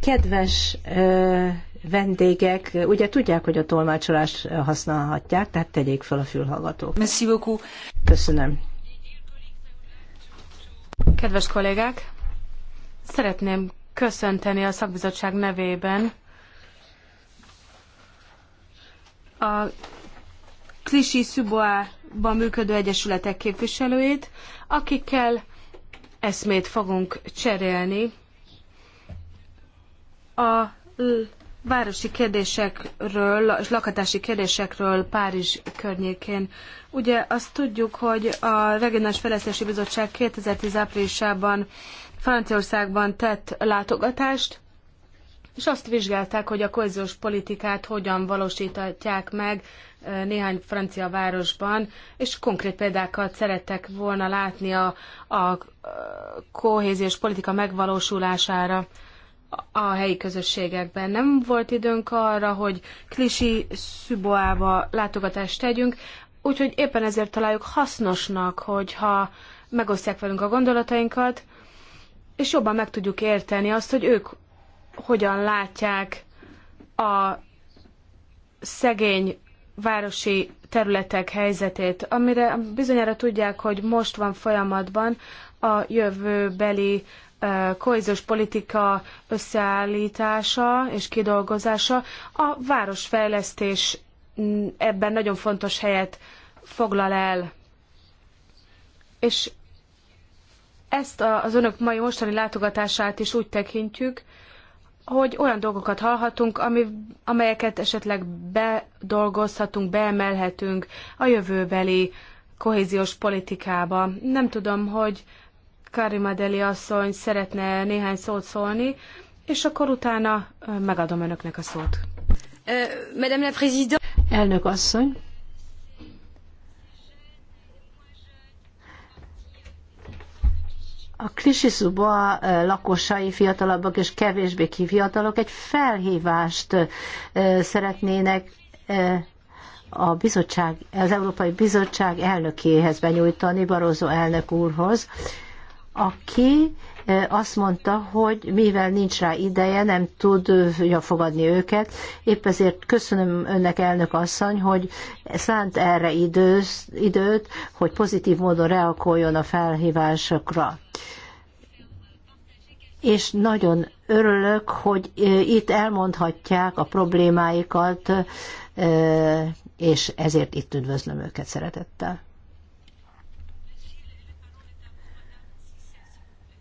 Kedves vendégek, ugye tudják, hogy a tolmácsolást használhatják, tehát tegyék fel a fülhallgatók. Merci beaucoup. Köszönöm. Kedves kollégák, szeretném köszönteni a szakbizottság nevében a Klisi Szuboában működő egyesületek képviselőit, akikkel eszmét fogunk cserélni a városi kérdésekről és lakatási kérdésekről Párizs környékén. Ugye azt tudjuk, hogy a Regionális Fejlesztési Bizottság 2010 áprilisában Franciaországban tett látogatást, és azt vizsgálták, hogy a kohéziós politikát hogyan valósítatják meg néhány francia városban, és konkrét példákat szerettek volna látni a, a kohéziós politika megvalósulására a helyi közösségekben. Nem volt időnk arra, hogy Klisi Szüboába látogatást tegyünk, úgyhogy éppen ezért találjuk hasznosnak, hogyha megosztják velünk a gondolatainkat, és jobban meg tudjuk érteni azt, hogy ők hogyan látják a szegény városi területek helyzetét, amire bizonyára tudják, hogy most van folyamatban a jövőbeli kohéziós politika összeállítása és kidolgozása a városfejlesztés mm, ebben nagyon fontos helyet foglal el. És ezt az önök mai mostani látogatását is úgy tekintjük, hogy olyan dolgokat hallhatunk, ami, amelyeket esetleg bedolgozhatunk, beemelhetünk a jövőbeli kohéziós politikába. Nem tudom, hogy Karimadeli asszony szeretne néhány szót szólni, és akkor utána megadom önöknek a szót. Madame la Présidente. Elnök asszony. A Krisiszuba lakosai, fiatalabbak és kevésbé kifiatalok egy felhívást szeretnének a bizottság, az Európai Bizottság elnökéhez benyújtani, Barozó elnök úrhoz, aki eh, azt mondta, hogy mivel nincs rá ideje, nem tudja eh, fogadni őket. Épp ezért köszönöm önnek, elnök asszony, hogy szánt erre időz, időt, hogy pozitív módon reakoljon a felhívásokra. És nagyon örülök, hogy eh, itt elmondhatják a problémáikat, és ezért itt üdvözlöm őket szeretettel.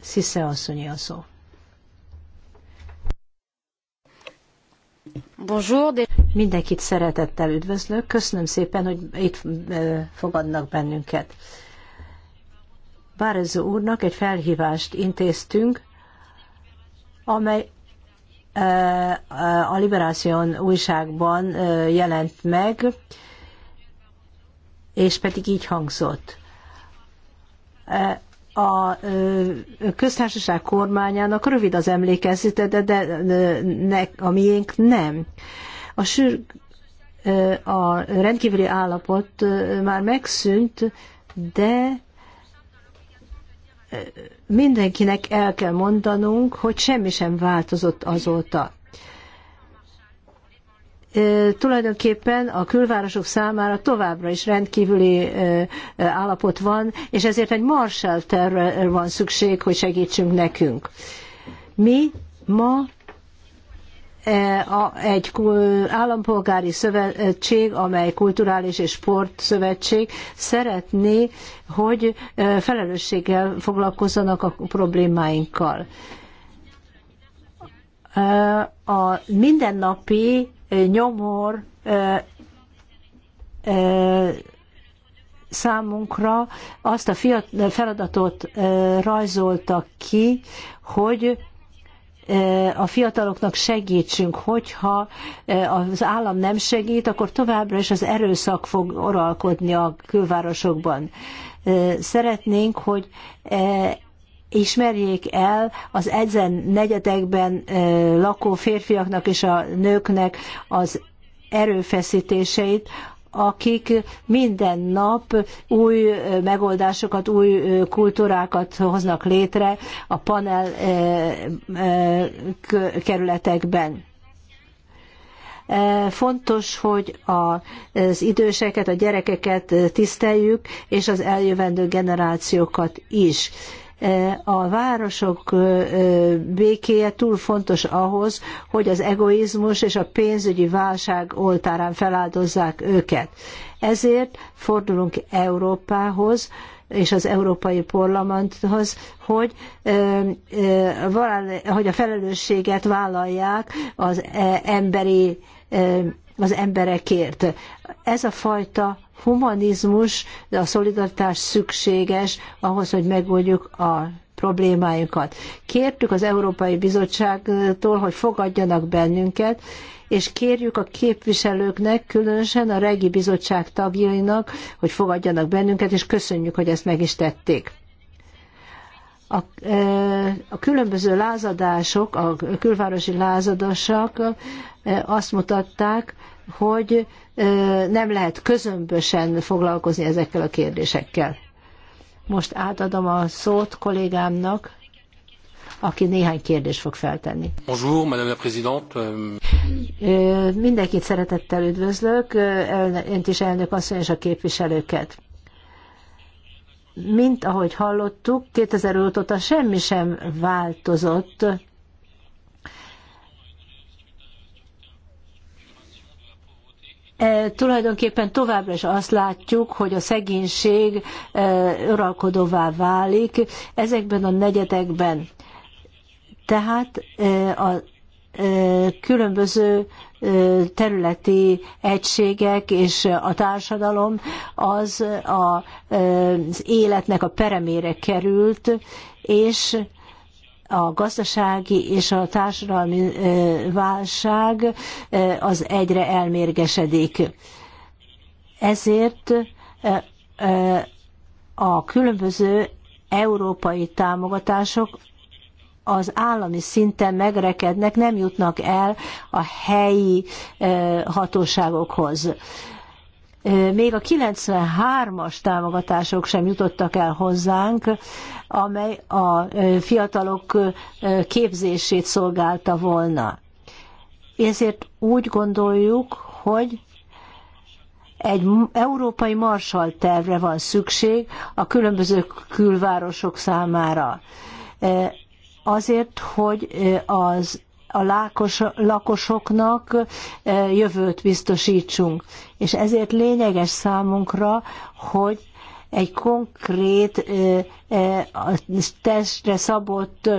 Szisze asszonyi a szó. Bonjour. Mindenkit szeretettel üdvözlök. Köszönöm szépen, hogy itt fogadnak bennünket. Bárező úrnak egy felhívást intéztünk, amely a Liberáción újságban jelent meg, és pedig így hangzott a köztársaság kormányának rövid az emlékezete, de, de ne, a miénk nem. A, sür, a rendkívüli állapot már megszűnt, de mindenkinek el kell mondanunk, hogy semmi sem változott azóta tulajdonképpen a külvárosok számára továbbra is rendkívüli állapot van, és ezért egy Marshall tervre van szükség, hogy segítsünk nekünk. Mi ma e, egy állampolgári szövetség, amely kulturális és sportszövetség szeretné, hogy felelősséggel foglalkozzanak a problémáinkkal. A mindennapi nyomor számunkra azt a feladatot rajzoltak ki, hogy a fiataloknak segítsünk, hogyha az állam nem segít, akkor továbbra is az erőszak fog oralkodni a külvárosokban. Szeretnénk, hogy ismerjék el az ezen negyedekben lakó férfiaknak és a nőknek az erőfeszítéseit, akik minden nap új megoldásokat, új kultúrákat hoznak létre a panel kerületekben fontos, hogy az időseket, a gyerekeket tiszteljük, és az eljövendő generációkat is a városok békéje túl fontos ahhoz, hogy az egoizmus és a pénzügyi válság oltárán feláldozzák őket. Ezért fordulunk Európához, és az Európai Parlamenthoz, hogy, hogy a felelősséget vállalják az e, emberi az emberekért. Ez a fajta humanizmus, de a szolidaritás szükséges ahhoz, hogy megoldjuk a problémáinkat. Kértük az Európai Bizottságtól, hogy fogadjanak bennünket, és kérjük a képviselőknek, különösen a Regi Bizottság tagjainak, hogy fogadjanak bennünket, és köszönjük, hogy ezt meg is tették. A, e, a különböző lázadások, a külvárosi lázadások e, azt mutatták, hogy nem lehet közömbösen foglalkozni ezekkel a kérdésekkel. Most átadom a szót kollégámnak, aki néhány kérdést fog feltenni. Bonjour, Madame la Présidente. Mindenkit szeretettel üdvözlök, önt is elnök asszony és a képviselőket. Mint ahogy hallottuk, 2005 óta semmi sem változott E, tulajdonképpen továbbra is azt látjuk, hogy a szegénység e, uralkodóvá válik ezekben a negyedekben. Tehát e, a különböző területi egységek és a társadalom az az életnek a peremére került, és a gazdasági és a társadalmi válság az egyre elmérgesedik. Ezért a különböző európai támogatások az állami szinten megrekednek, nem jutnak el a helyi hatóságokhoz még a 93-as támogatások sem jutottak el hozzánk, amely a fiatalok képzését szolgálta volna. Ezért úgy gondoljuk, hogy egy európai marsal tervre van szükség a különböző külvárosok számára. Azért, hogy az a lákos, lakosoknak e, jövőt biztosítsunk. És ezért lényeges számunkra, hogy egy konkrét e, e, testre szabott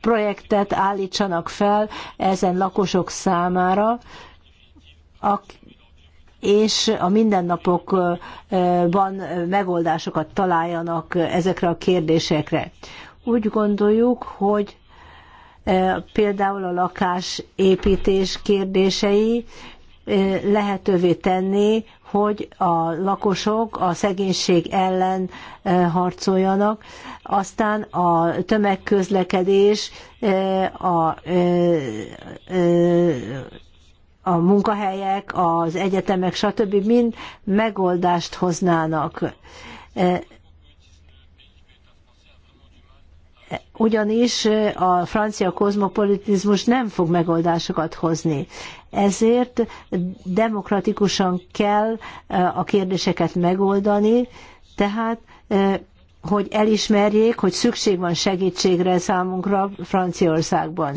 projektet állítsanak fel ezen lakosok számára, és a mindennapokban megoldásokat találjanak ezekre a kérdésekre. Úgy gondoljuk, hogy E, például a lakásépítés kérdései e, lehetővé tenni, hogy a lakosok a szegénység ellen e, harcoljanak, aztán a tömegközlekedés, a, a munkahelyek, az egyetemek, stb. mind megoldást hoznának ugyanis a francia kozmopolitizmus nem fog megoldásokat hozni. Ezért demokratikusan kell a kérdéseket megoldani, tehát hogy elismerjék, hogy szükség van segítségre számunkra Franciaországban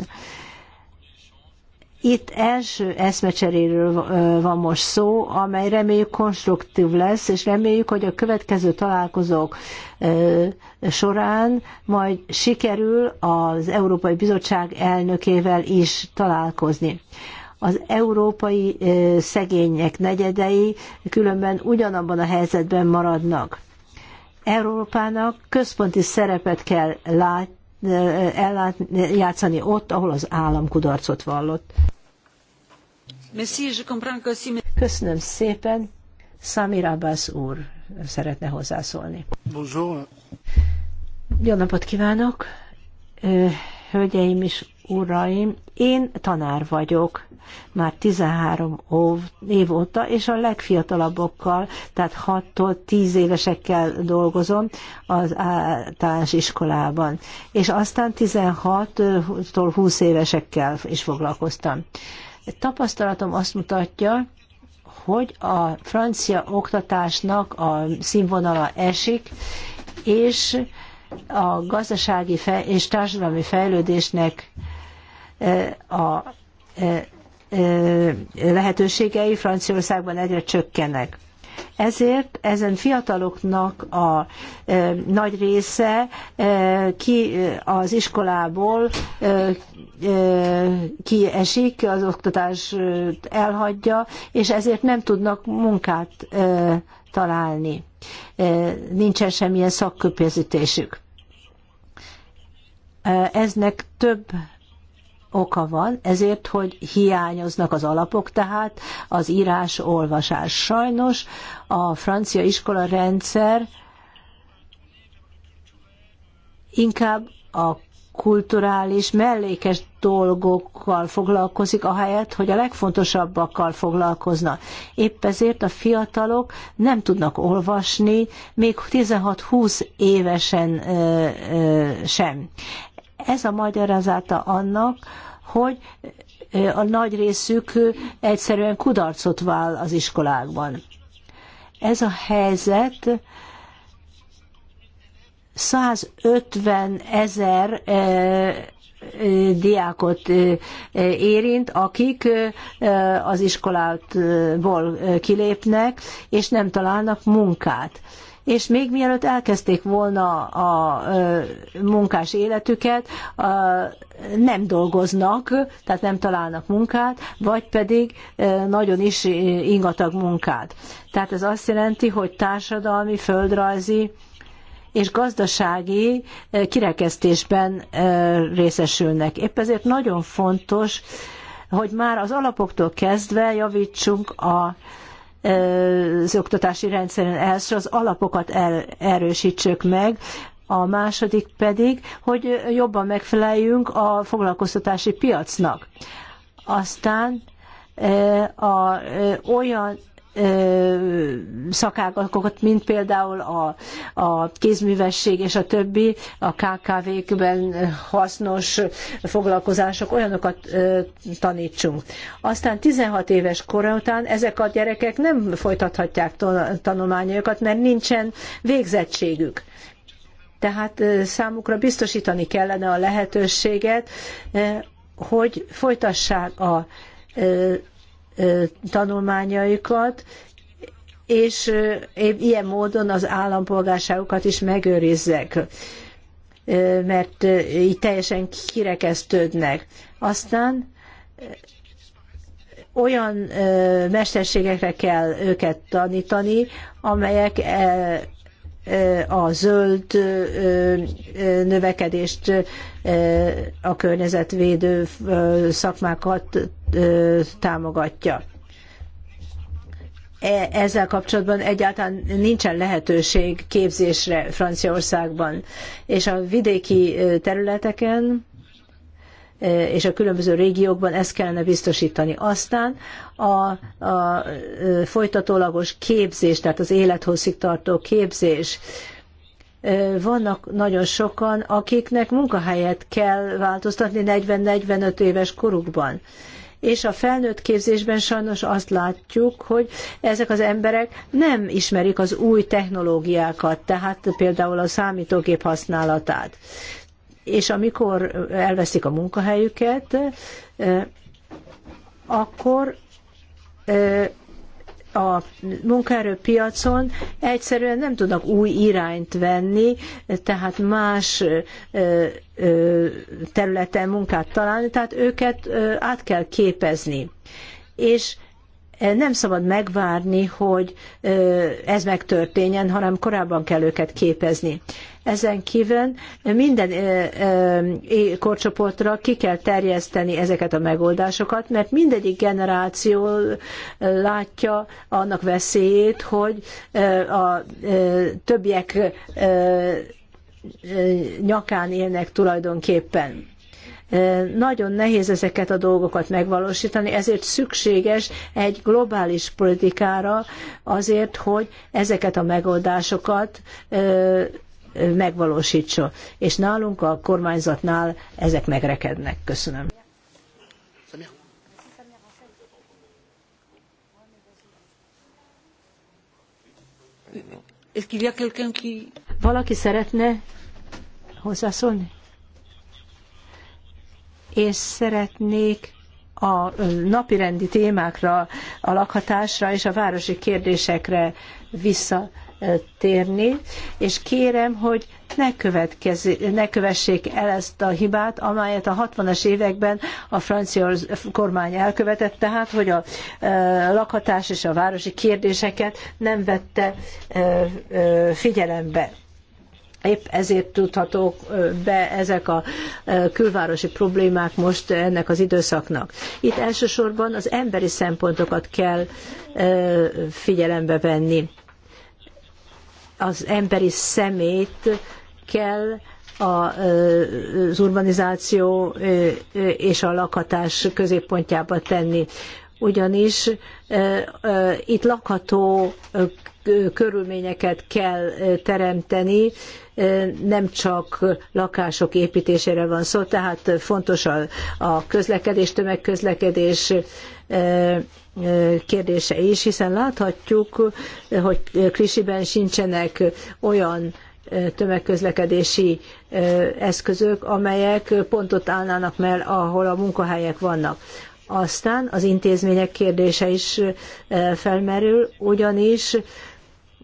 itt első eszmecseréről van most szó, amely reméljük konstruktív lesz, és reméljük, hogy a következő találkozók során majd sikerül az Európai Bizottság elnökével is találkozni az európai szegények negyedei különben ugyanabban a helyzetben maradnak. Európának központi szerepet kell látni eljátszani ott, ahol az állam kudarcot vallott. Köszönöm szépen. Samir Abbas úr szeretne hozzászólni. Bonjour. Jó napot kívánok! Hölgyeim és uraim, én tanár vagyok, már 13 év óta, és a legfiatalabbokkal, tehát 6-tól 10 évesekkel dolgozom az általános iskolában. És aztán 16-tól 20 évesekkel is foglalkoztam. Tapasztalatom azt mutatja, hogy a francia oktatásnak a színvonala esik, és a gazdasági és társadalmi fejlődésnek e, a e, lehetőségei Franciaországban egyre csökkenek. Ezért ezen fiataloknak a e, nagy része e, ki az iskolából e, kiesik, az oktatást elhagyja, és ezért nem tudnak munkát találni. nincsen semmilyen szakképesítésük. eznek több oka van, ezért, hogy hiányoznak az alapok, tehát az írás-olvasás. Sajnos a francia iskola rendszer inkább a kulturális, mellékes dolgokkal foglalkozik, ahelyett, hogy a legfontosabbakkal foglalkozna. Épp ezért a fiatalok nem tudnak olvasni, még 16-20 évesen sem. Ez a magyarázata annak, hogy a nagy részük egyszerűen kudarcot vál az iskolákban. Ez a helyzet 150 ezer diákot érint, akik az iskolából kilépnek, és nem találnak munkát és még mielőtt elkezdték volna a munkás életüket, nem dolgoznak, tehát nem találnak munkát, vagy pedig nagyon is ingatag munkát. Tehát ez azt jelenti, hogy társadalmi, földrajzi és gazdasági kirekesztésben részesülnek. Épp ezért nagyon fontos, hogy már az alapoktól kezdve javítsunk a az oktatási rendszeren első az alapokat el, er, erősítsük meg, a második pedig, hogy jobban megfeleljünk a foglalkoztatási piacnak. Aztán a, olyan szakágakat, mint például a, a kézművesség és a többi, a KKV-kben hasznos foglalkozások, olyanokat tanítsunk. Aztán 16 éves kor után ezek a gyerekek nem folytathatják tanulmányokat, mert nincsen végzettségük. Tehát számukra biztosítani kellene a lehetőséget, hogy folytassák a tanulmányaikat, és ilyen módon az állampolgárságukat is megőrizzek, mert így teljesen kirekesztődnek. Aztán olyan mesterségekre kell őket tanítani, amelyek a zöld növekedést a környezetvédő szakmákat támogatja. E, ezzel kapcsolatban egyáltalán nincsen lehetőség képzésre Franciaországban. És a vidéki területeken és a különböző régiókban ezt kellene biztosítani. Aztán a, a folytatólagos képzés, tehát az élethosszig tartó képzés, vannak nagyon sokan, akiknek munkahelyet kell változtatni 40-45 éves korukban. És a felnőtt képzésben sajnos azt látjuk, hogy ezek az emberek nem ismerik az új technológiákat, tehát például a számítógép használatát. És amikor elveszik a munkahelyüket, akkor a munkaerőpiacon egyszerűen nem tudnak új irányt venni, tehát más területen munkát találni, tehát őket át kell képezni. És nem szabad megvárni, hogy ez megtörténjen, hanem korábban kell őket képezni. Ezen kívül minden korcsoportra ki kell terjeszteni ezeket a megoldásokat, mert mindegyik generáció látja annak veszélyét, hogy a többiek nyakán élnek tulajdonképpen nagyon nehéz ezeket a dolgokat megvalósítani, ezért szükséges egy globális politikára azért, hogy ezeket a megoldásokat megvalósítsa. És nálunk a kormányzatnál ezek megrekednek. Köszönöm. Valaki szeretne hozzászólni? És szeretnék a napirendi témákra, a lakhatásra és a városi kérdésekre vissza térni, és kérem, hogy ne, ne kövessék el ezt a hibát, amelyet a 60-as években a francia kormány elkövetett, tehát, hogy a e, lakhatás és a városi kérdéseket nem vette e, e, figyelembe. Épp ezért tudhatók be ezek a külvárosi problémák most ennek az időszaknak. Itt elsősorban az emberi szempontokat kell figyelembe venni az emberi szemét kell az urbanizáció és a lakhatás középpontjába tenni ugyanis itt lakható körülményeket kell teremteni, nem csak lakások építésére van szó, tehát fontos a, a közlekedés, tömegközlekedés kérdése is, hiszen láthatjuk, hogy Krisiben sincsenek olyan tömegközlekedési eszközök, amelyek pont ott állnának meg, ahol a munkahelyek vannak. Aztán az intézmények kérdése is felmerül, ugyanis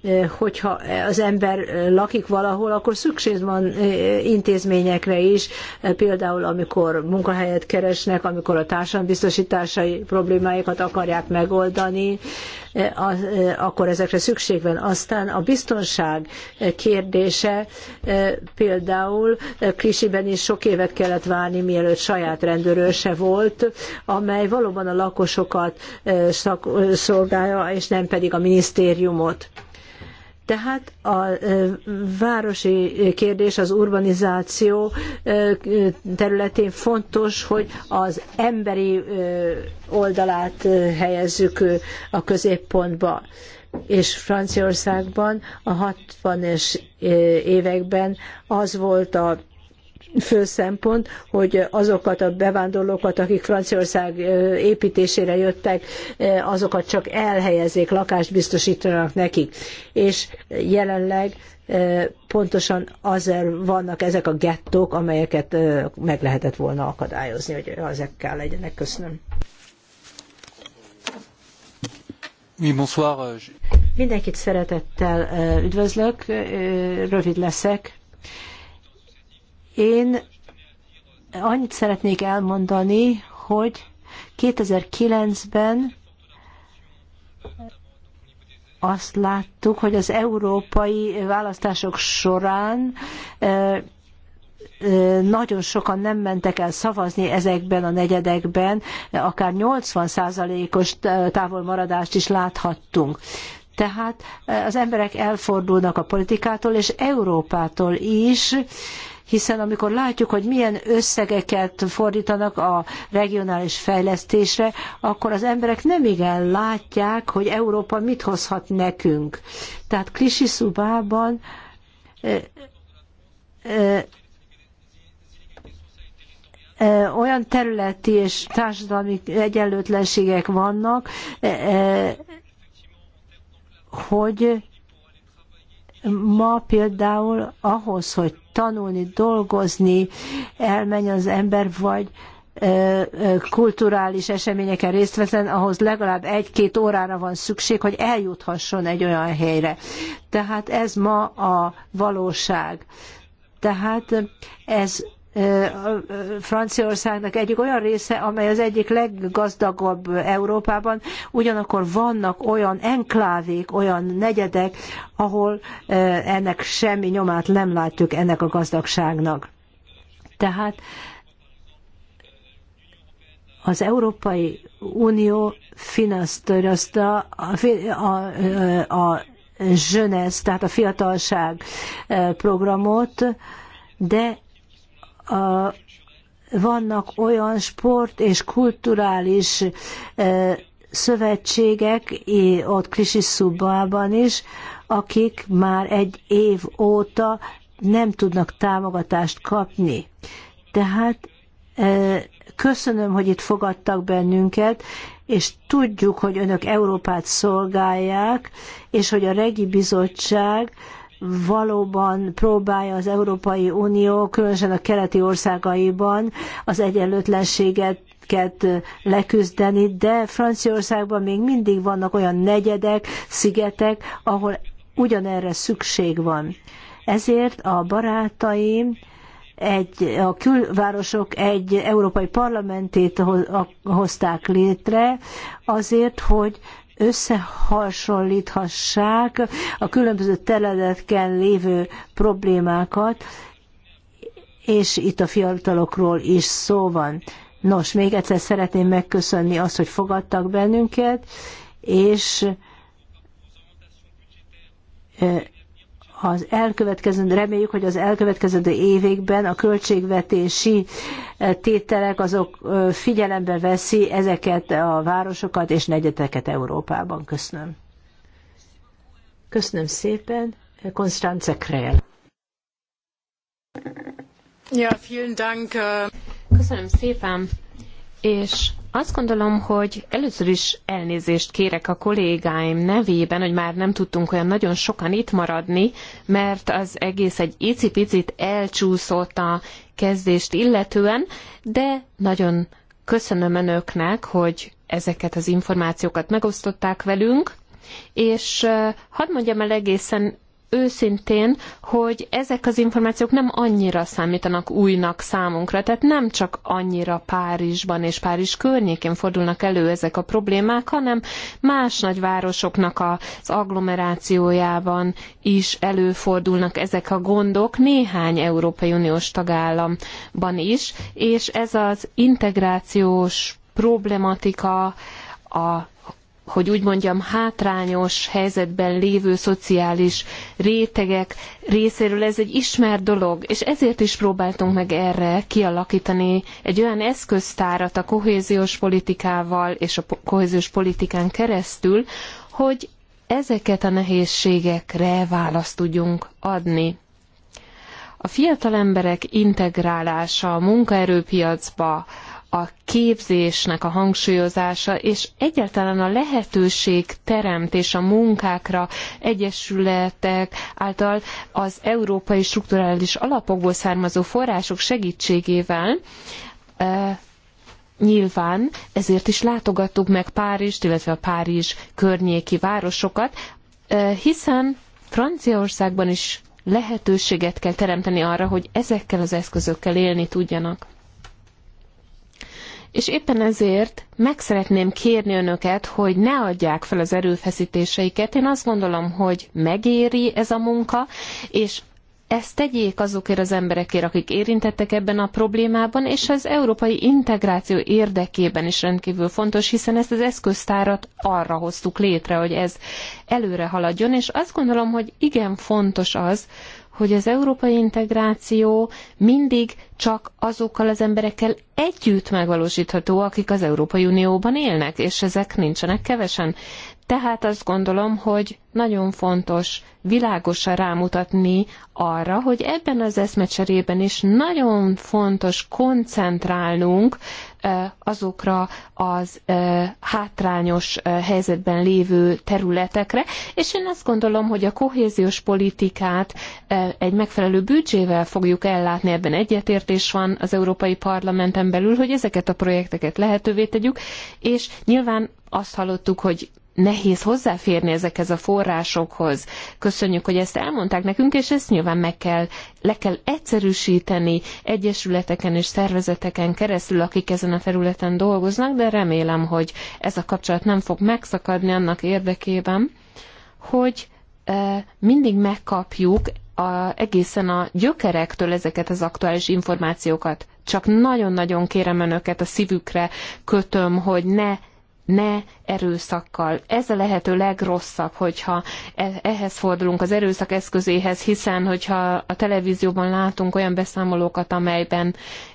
Eh, hogyha az ember eh, lakik valahol, akkor szükség van eh, intézményekre is, például amikor munkahelyet keresnek, amikor a társadalombiztosításai problémáikat akarják megoldani, akkor ezekre szükség van. Aztán a biztonság kérdése például Krisiben is sok évet kellett várni, mielőtt saját rendőrőse volt, amely valóban a lakosokat szolgálja, és nem pedig a minisztériumot. Tehát a városi kérdés, az urbanizáció területén fontos, hogy az emberi oldalát helyezzük a középpontba. És Franciaországban a 60-es években az volt a fő szempont, hogy azokat a bevándorlókat, akik Franciaország építésére jöttek, azokat csak elhelyezzék, lakást biztosítanak nekik. És jelenleg pontosan azért vannak ezek a gettók, amelyeket meg lehetett volna akadályozni, hogy ezekkel legyenek. Köszönöm. Euh, Mindenkit szeretettel üdvözlök, rövid leszek. Én annyit szeretnék elmondani, hogy 2009-ben azt láttuk, hogy az európai választások során nagyon sokan nem mentek el szavazni ezekben a negyedekben, akár 80%-os távolmaradást is láthattunk. Tehát az emberek elfordulnak a politikától és Európától is, hiszen amikor látjuk, hogy milyen összegeket fordítanak a regionális fejlesztésre, akkor az emberek nem igen látják, hogy Európa mit hozhat nekünk. Tehát Szubában olyan területi és társadalmi egyenlőtlenségek vannak, hogy Ma például ahhoz, hogy tanulni, dolgozni, elmenjen az ember, vagy kulturális eseményeken részt veszen, ahhoz legalább egy-két órára van szükség, hogy eljuthasson egy olyan helyre. Tehát ez ma a valóság. Tehát ez Franciaországnak egyik olyan része, amely az egyik leggazdagabb Európában, ugyanakkor vannak olyan enklávék, olyan negyedek, ahol ennek semmi nyomát nem látjuk ennek a gazdagságnak. Tehát az Európai Unió finanszírozta a, a, a jeunesse, tehát a fiatalság programot, de a, vannak olyan sport és kulturális e, szövetségek, ott Krisiszubában is, akik már egy év óta nem tudnak támogatást kapni. Tehát e, köszönöm, hogy itt fogadtak bennünket, és tudjuk, hogy önök Európát szolgálják, és hogy a Regi Bizottság valóban próbálja az Európai Unió, különösen a keleti országaiban az egyenlőtlenséget leküzdeni, de Franciaországban még mindig vannak olyan negyedek, szigetek, ahol ugyanerre szükség van. Ezért a barátaim egy, a külvárosok egy európai parlamentét hozták létre azért, hogy összehasonlíthassák a különböző területeken lévő problémákat, és itt a fiatalokról is szó van. Nos, még egyszer szeretném megköszönni azt, hogy fogadtak bennünket, és ha az elkövetkezendő, reméljük, hogy az elkövetkezendő években a költségvetési eh, tételek azok eh, figyelembe veszi ezeket a városokat és negyeteket Európában. Köszönöm. Köszönöm szépen. Konstance Krell. Ja, vielen Dank. Eh. Köszönöm szépen, és azt gondolom, hogy először is elnézést kérek a kollégáim nevében, hogy már nem tudtunk olyan nagyon sokan itt maradni, mert az egész egy icipicit elcsúszott a kezdést illetően, de nagyon köszönöm önöknek, hogy ezeket az információkat megosztották velünk, és eh, hadd mondjam el egészen őszintén, hogy ezek az információk nem annyira számítanak újnak számunkra, tehát nem csak annyira Párizsban és Párizs környékén fordulnak elő ezek a problémák, hanem más nagyvárosoknak az agglomerációjában is előfordulnak ezek a gondok, néhány Európai Uniós tagállamban is, és ez az integrációs problematika a hogy úgy mondjam, hátrányos helyzetben lévő szociális rétegek részéről ez egy ismert dolog, és ezért is próbáltunk meg erre kialakítani egy olyan eszköztárat a kohéziós politikával és a kohéziós politikán keresztül, hogy ezeket a nehézségekre választ tudjunk adni. A fiatal emberek integrálása a munkaerőpiacba, a képzésnek a hangsúlyozása, és egyáltalán a lehetőség teremtés a munkákra egyesületek által az európai strukturális alapokból származó források segítségével e, Nyilván ezért is látogattuk meg Párizs, illetve a Párizs környéki városokat, e, hiszen Franciaországban is lehetőséget kell teremteni arra, hogy ezekkel az eszközökkel élni tudjanak és éppen ezért meg szeretném kérni önöket, hogy ne adják fel az erőfeszítéseiket. Én azt gondolom, hogy megéri ez a munka, és ezt tegyék azokért az emberekért, akik érintettek ebben a problémában, és az európai integráció érdekében is rendkívül fontos, hiszen ezt az eszköztárat arra hoztuk létre, hogy ez előre haladjon, és azt gondolom, hogy igen fontos az, hogy az európai integráció mindig csak azokkal az emberekkel együtt megvalósítható, akik az Európai Unióban élnek, és ezek nincsenek kevesen. Tehát azt gondolom, hogy nagyon fontos világosan rámutatni arra, hogy ebben az eszmecserében is nagyon fontos koncentrálnunk azokra az hátrányos helyzetben lévő területekre, és én azt gondolom, hogy a kohéziós politikát egy megfelelő büdzsével fogjuk ellátni, ebben egyetértés van az Európai Parlamenten belül, hogy ezeket a projekteket lehetővé tegyük, és nyilván azt hallottuk, hogy nehéz hozzáférni ezekhez a forrásokhoz. Köszönjük, hogy ezt elmondták nekünk, és ezt nyilván meg kell, le kell egyszerűsíteni egyesületeken és szervezeteken keresztül, akik ezen a területen dolgoznak, de remélem, hogy ez a kapcsolat nem fog megszakadni annak érdekében, hogy e, mindig megkapjuk a, egészen a gyökerektől ezeket az aktuális információkat. Csak nagyon-nagyon kérem önöket, a szívükre kötöm, hogy ne ne erőszakkal. Ez a lehető legrosszabb, hogyha e- ehhez fordulunk az erőszak eszközéhez, hiszen hogyha a televízióban látunk olyan beszámolókat, amelyben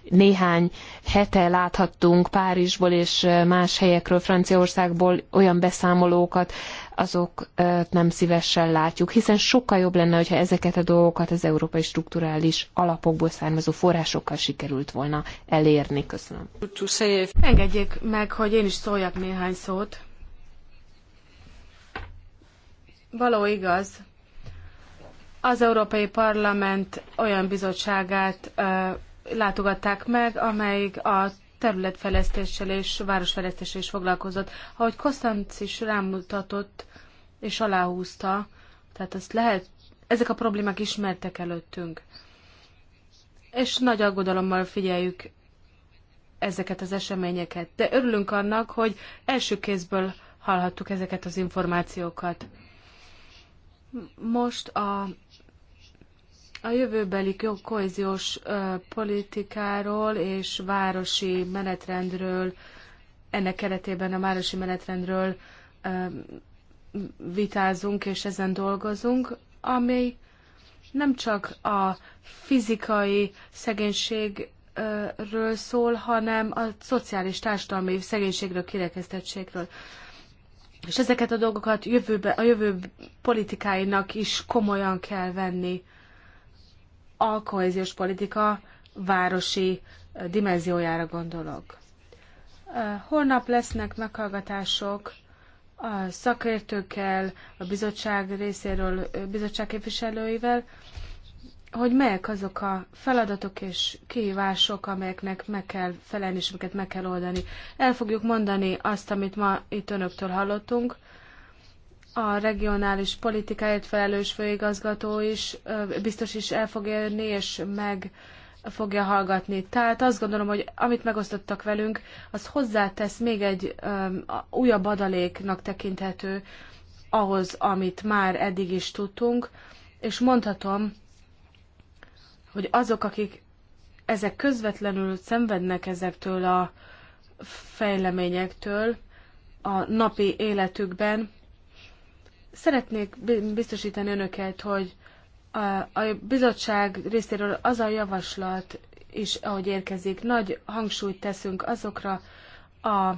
néhány hete láthattunk Párizsból és más helyekről, Franciaországból olyan beszámolókat, azok nem szívesen látjuk, hiszen sokkal jobb lenne, hogyha ezeket a dolgokat az európai strukturális alapokból származó forrásokkal sikerült volna elérni. Köszönöm. Engedjék meg, hogy én is szóljak néhány szót. Való igaz, az Európai Parlament olyan bizottságát ö, látogatták meg, amelyik a területfejlesztéssel és városfejlesztéssel is foglalkozott. Ahogy Kosztanc is rámutatott és aláhúzta, tehát ezt lehet, ezek a problémák ismertek előttünk. És nagy aggodalommal figyeljük ezeket az eseményeket. De örülünk annak, hogy első kézből hallhattuk ezeket az információkat. Most a a jövőbeli kohéziós politikáról és városi menetrendről, ennek keretében a városi menetrendről vitázunk és ezen dolgozunk, ami nem csak a fizikai szegénységről szól, hanem a szociális társadalmi szegénységről, kirekesztettségről. És ezeket a dolgokat jövőbe, a jövő politikáinak is komolyan kell venni a kohéziós politika városi dimenziójára gondolok. Holnap lesznek meghallgatások a szakértőkkel, a bizottság részéről, a bizottság képviselőivel, hogy melyek azok a feladatok és kihívások, amelyeknek meg kell felelni, és amiket meg kell oldani. El fogjuk mondani azt, amit ma itt önöktől hallottunk, a regionális politikáért felelős főigazgató is biztos is el fog érni, és meg fogja hallgatni. Tehát azt gondolom, hogy amit megosztottak velünk, az hozzátesz még egy um, újabb adaléknak tekinthető ahhoz, amit már eddig is tudtunk, és mondhatom, hogy azok, akik ezek közvetlenül szenvednek ezektől a fejleményektől a napi életükben, Szeretnék biztosítani önöket, hogy a, a bizottság részéről az a javaslat is, ahogy érkezik, nagy hangsúlyt teszünk azokra a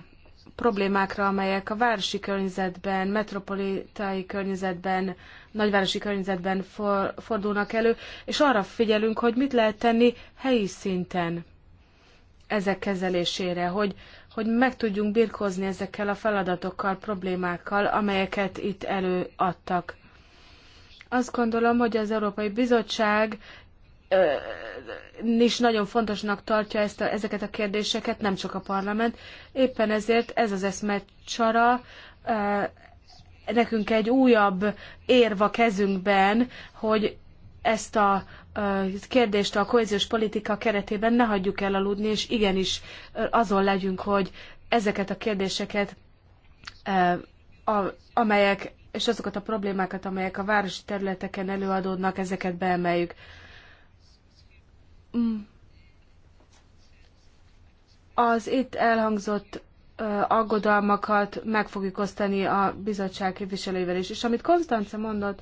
problémákra, amelyek a városi környezetben, metropolitai környezetben, nagyvárosi környezetben for, fordulnak elő, és arra figyelünk, hogy mit lehet tenni helyi szinten ezek kezelésére, hogy, hogy meg tudjunk birkózni ezekkel a feladatokkal, problémákkal, amelyeket itt előadtak. Azt gondolom, hogy az Európai Bizottság is nagyon fontosnak tartja ezt a, ezeket a kérdéseket, nem csak a parlament. Éppen ezért ez az csara nekünk egy újabb érva kezünkben, hogy ezt a kérdést a kohéziós politika keretében ne hagyjuk elaludni, és igenis azon legyünk, hogy ezeket a kérdéseket, amelyek, és azokat a problémákat, amelyek a városi területeken előadódnak, ezeket beemeljük. Mm. Az itt elhangzott aggodalmakat meg fogjuk osztani a bizottság képviselőivel is. És amit Konstance mondott,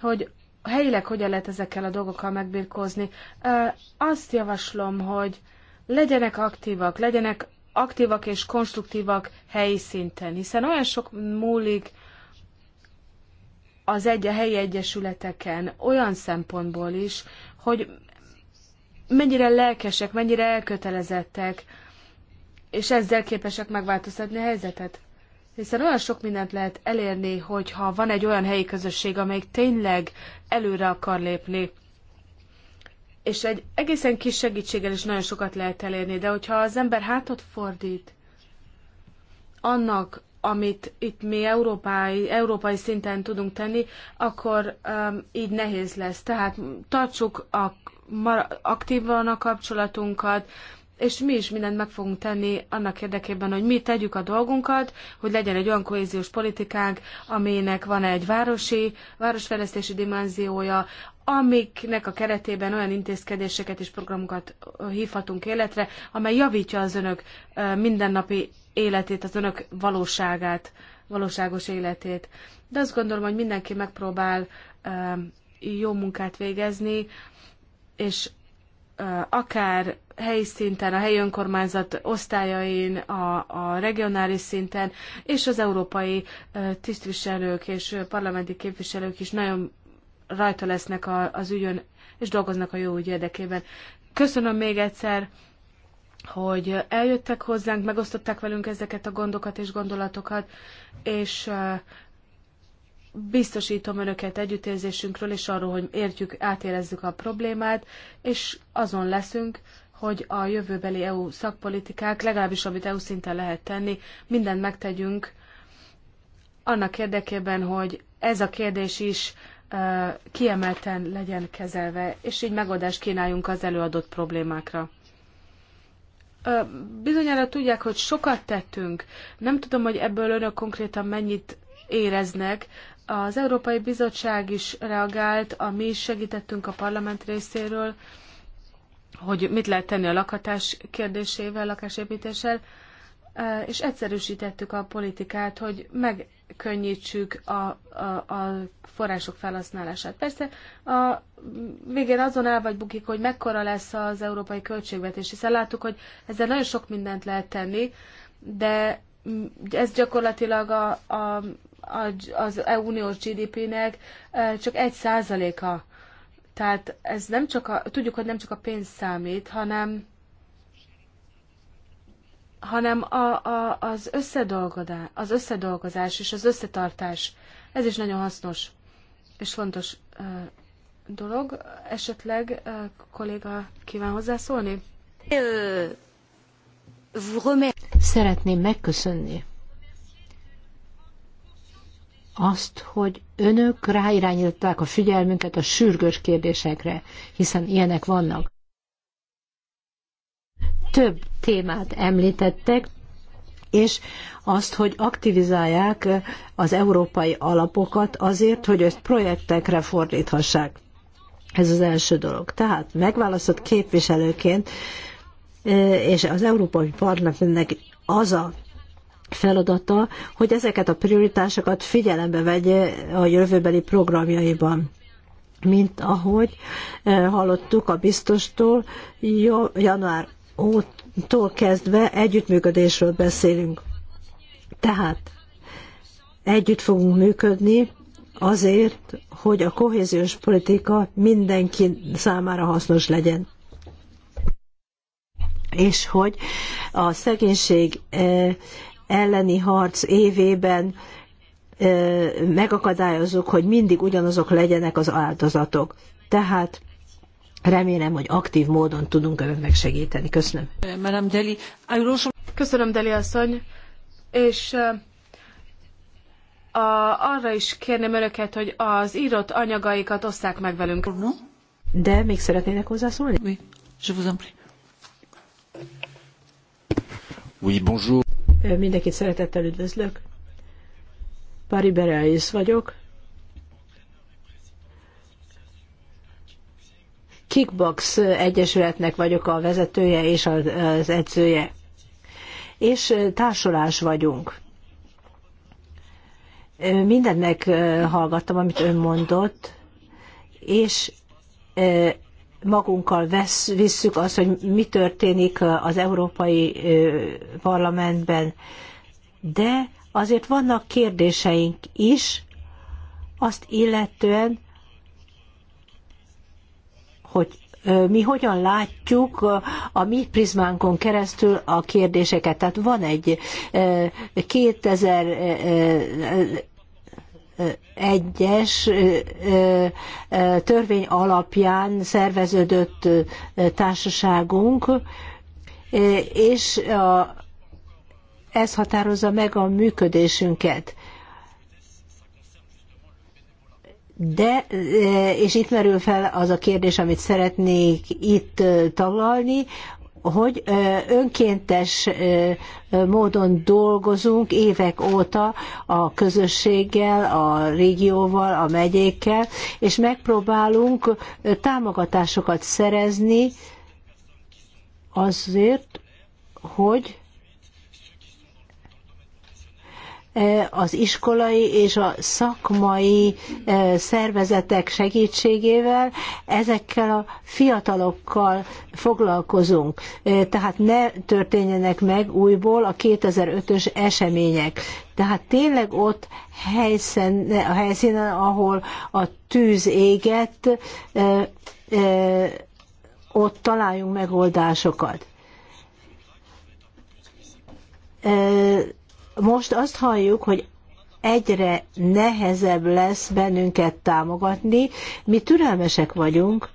hogy helyileg hogyan lehet ezekkel a dolgokkal megbirkózni. Azt javaslom, hogy legyenek aktívak, legyenek aktívak és konstruktívak helyi szinten, hiszen olyan sok múlik az egy a helyi egyesületeken olyan szempontból is, hogy mennyire lelkesek, mennyire elkötelezettek, és ezzel képesek megváltoztatni a helyzetet. Hiszen olyan sok mindent lehet elérni, hogyha van egy olyan helyi közösség, amelyik tényleg előre akar lépni. És egy egészen kis segítséggel is nagyon sokat lehet elérni, de hogyha az ember hátat fordít annak, amit itt mi európai, európai szinten tudunk tenni, akkor um, így nehéz lesz. Tehát tartsuk a, mar, aktívan a kapcsolatunkat, és mi is mindent meg fogunk tenni annak érdekében, hogy mi tegyük a dolgunkat, hogy legyen egy olyan kohéziós politikánk, aminek van egy városi, városfejlesztési dimenziója, amiknek a keretében olyan intézkedéseket és programokat hívhatunk életre, amely javítja az önök mindennapi életét, az önök valóságát, valóságos életét. De azt gondolom, hogy mindenki megpróbál jó munkát végezni, és akár helyi szinten, a helyi önkormányzat osztályain, a, a regionális szinten, és az európai tisztviselők és parlamenti képviselők is nagyon rajta lesznek a, az ügyön, és dolgoznak a jó ügy érdekében. Köszönöm még egyszer, hogy eljöttek hozzánk, megosztották velünk ezeket a gondokat és gondolatokat, és biztosítom önöket együttérzésünkről, és arról, hogy értjük, átérezzük a problémát, és azon leszünk, hogy a jövőbeli EU szakpolitikák, legalábbis amit EU szinten lehet tenni, mindent megtegyünk annak érdekében, hogy ez a kérdés is uh, kiemelten legyen kezelve, és így megoldást kínáljunk az előadott problémákra. Uh, bizonyára tudják, hogy sokat tettünk. Nem tudom, hogy ebből önök konkrétan mennyit éreznek, az Európai Bizottság is reagált, a mi is segítettünk a parlament részéről, hogy mit lehet tenni a lakhatás kérdésével, lakásépítéssel, e, és egyszerűsítettük a politikát, hogy megkönnyítsük a, a, a források felhasználását. Persze a végén azon el vagy bukik, hogy mekkora lesz az európai költségvetés, hiszen láttuk, hogy ezzel nagyon sok mindent lehet tenni, de ez gyakorlatilag a, a az uniós GDP-nek csak egy százaléka. Tehát ez nem csak a, tudjuk, hogy nem csak a pénz számít, hanem, hanem a, a, az, összedolgozás, az összedolgozás és az összetartás. Ez is nagyon hasznos és fontos uh, dolog. Esetleg uh, kolléga kíván hozzászólni? Szeretném megköszönni azt, hogy önök ráirányították a figyelmünket a sürgős kérdésekre, hiszen ilyenek vannak. Több témát említettek, és azt, hogy aktivizálják az európai alapokat azért, hogy ezt projektekre fordíthassák. Ez az első dolog. Tehát megválasztott képviselőként, eh, és az Európai Parlamentnek az a feladata, hogy ezeket a prioritásokat figyelembe vegye a jövőbeli programjaiban mint ahogy eh, hallottuk a biztostól, január ótól kezdve együttműködésről beszélünk. Tehát együtt fogunk működni azért, hogy a kohéziós politika mindenki számára hasznos legyen. És hogy a szegénység eh, elleni harc évében megakadályozzuk, hogy mindig ugyanazok legyenek az áldozatok. Tehát remélem, hogy aktív módon tudunk önöknek segíteni. Köszönöm. Köszönöm, Deli asszony. És a, arra is kérném önöket, hogy az írott anyagaikat osszák meg velünk. De még szeretnének hozzászólni? Oui, je vous en prie. Oui, bonjour. Mindenkit szeretettel üdvözlök. Pari Bereis vagyok. Kickbox Egyesületnek vagyok a vezetője és az edzője. És társulás vagyunk. Mindennek hallgattam, amit ön mondott, és magunkkal vesz, visszük azt, hogy mi történik az Európai Parlamentben, de azért vannak kérdéseink is, azt illetően, hogy mi hogyan látjuk a mi prizmánkon keresztül a kérdéseket. Tehát van egy 2000 egyes törvény alapján szerveződött társaságunk, és a, ez határozza meg a működésünket. De, és itt merül fel az a kérdés, amit szeretnék itt taglalni, hogy önkéntes módon dolgozunk évek óta a közösséggel, a régióval, a megyékkel, és megpróbálunk támogatásokat szerezni azért, hogy E, az iskolai és a szakmai e, szervezetek segítségével ezekkel a fiatalokkal foglalkozunk. E, tehát ne történjenek meg újból a 2005-ös események. Tehát tényleg ott helyszínen, a helyszínen, ahol a tűz éget, ott találjunk megoldásokat most azt halljuk, hogy egyre nehezebb lesz bennünket támogatni. Mi türelmesek vagyunk,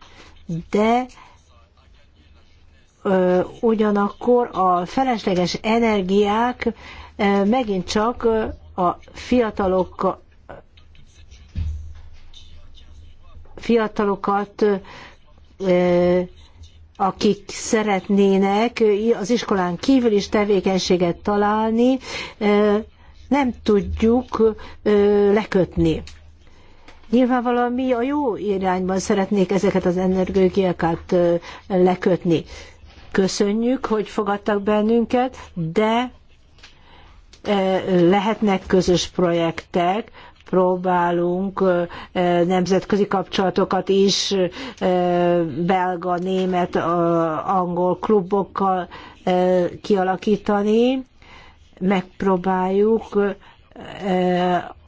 de ugyanakkor a felesleges energiák megint csak a fiatalok fiatalokat akik szeretnének az iskolán kívül is tevékenységet találni, nem tudjuk lekötni. Nyilvánvalóan mi a jó irányban szeretnék ezeket az energiákat lekötni. Köszönjük, hogy fogadtak bennünket, de lehetnek közös projektek, próbálunk nemzetközi kapcsolatokat is belga, német, angol klubokkal kialakítani. Megpróbáljuk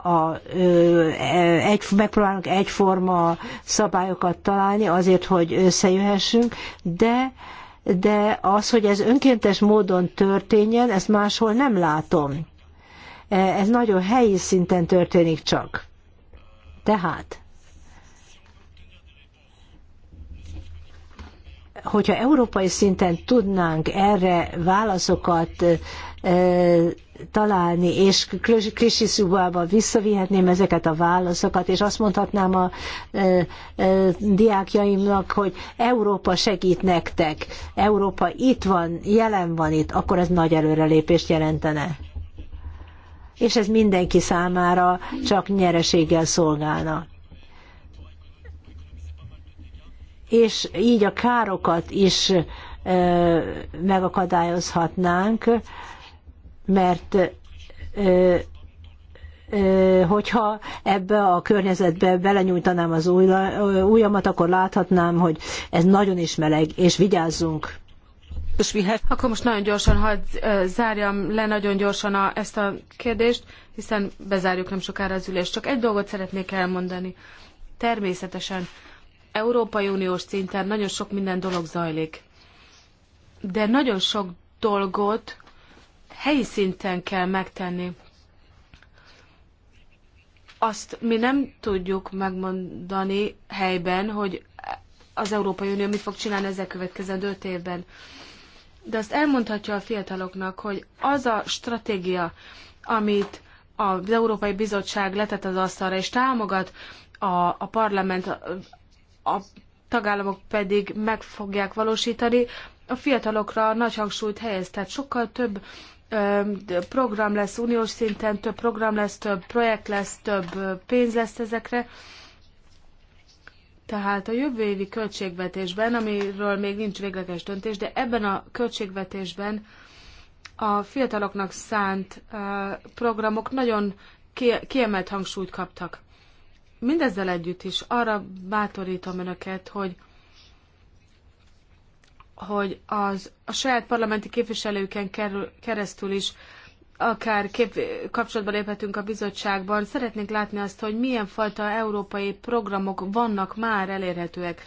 a, e, egy, megpróbálunk egyforma szabályokat találni azért, hogy összejöhessünk, de de az, hogy ez önkéntes módon történjen, ezt máshol nem látom Eh, ez nagyon helyi szinten történik csak. Tehát, hogyha európai szinten tudnánk erre válaszokat eh, találni, és Szubába visszavihetném ezeket a válaszokat, és azt mondhatnám a e, e, diákjaimnak, hogy Európa segít nektek, Európa itt van, jelen van itt, akkor ez nagy előrelépést jelentene és ez mindenki számára csak nyereséggel szolgálna. És így a károkat is megakadályozhatnánk, mert hogyha ebbe a környezetbe belenyújtanám az ujjamat, akkor láthatnám, hogy ez nagyon is meleg, és vigyázzunk. Akkor most nagyon gyorsan hadd zárjam le nagyon gyorsan a, ezt a kérdést, hiszen bezárjuk nem sokára az ülést. Csak egy dolgot szeretnék elmondani. Természetesen Európai Uniós szinten nagyon sok minden dolog zajlik. De nagyon sok dolgot helyi szinten kell megtenni. Azt mi nem tudjuk megmondani helyben, hogy az Európai Unió mit fog csinálni ezek következő öt évben de azt elmondhatja a fiataloknak, hogy az a stratégia, amit az Európai Bizottság letett az asztalra, és támogat a, a parlament, a, a tagállamok pedig meg fogják valósítani, a fiatalokra nagy hangsúlyt helyez, tehát sokkal több ö, program lesz uniós szinten, több program lesz, több projekt lesz, több pénz lesz ezekre, tehát a jövő évi költségvetésben, amiről még nincs végleges döntés, de ebben a költségvetésben a fiataloknak szánt programok nagyon kiemelt hangsúlyt kaptak. Mindezzel együtt is arra bátorítom önöket, hogy hogy az, a saját parlamenti képviselőken kerül, keresztül is akár kép, kapcsolatba léphetünk a bizottságban, szeretnénk látni azt, hogy milyen fajta európai programok vannak már elérhetőek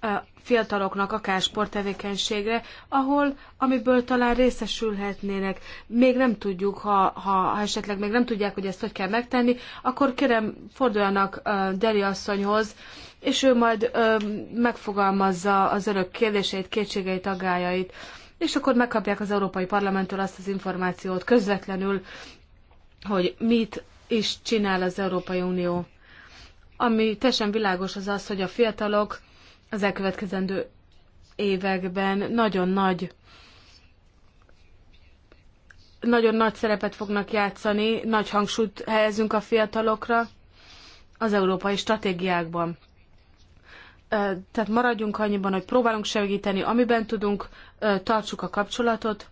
eh, fiataloknak, akár sporttevékenységre, ahol, amiből talán részesülhetnének. Még nem tudjuk, ha, ha, ha esetleg még nem tudják, hogy ezt hogy kell megtenni, akkor kérem, forduljanak uh, Deli asszonyhoz, és ő majd uh, megfogalmazza az örök kérdéseit, kétségeit, aggájait. Uh, és akkor megkapják az Európai Parlamenttől azt az információt közvetlenül, hogy mit is csinál az Európai Unió. Ami teljesen világos az az, hogy a fiatalok az elkövetkezendő években nagyon nagy nagyon nagy szerepet fognak játszani, nagy hangsúlyt helyezünk a fiatalokra az európai stratégiákban tehát maradjunk annyiban, hogy próbálunk segíteni, amiben tudunk, tartsuk a kapcsolatot,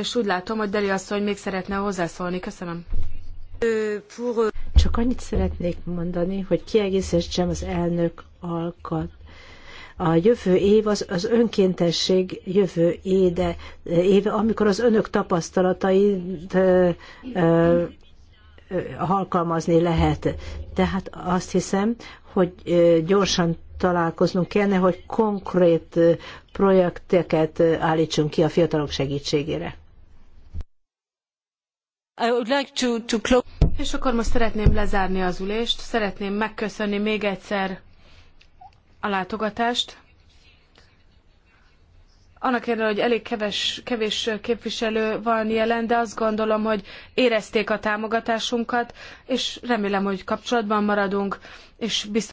és úgy látom, hogy Deli asszony még szeretne hozzászólni. Köszönöm. Csak annyit szeretnék mondani, hogy kiegészítsem az elnök alkat. A jövő év az, az önkéntesség jövő éde, éve, amikor az önök tapasztalatait ö, ö, alkalmazni lehet. Tehát azt hiszem, hogy gyorsan találkoznunk kellene, hogy konkrét projekteket állítsunk ki a fiatalok segítségére. Like to, to close... És akkor most szeretném lezárni az ülést, szeretném megköszönni még egyszer a látogatást annak ellenére, hogy elég keves, kevés képviselő van jelen, de azt gondolom, hogy érezték a támogatásunkat, és remélem, hogy kapcsolatban maradunk, és biztos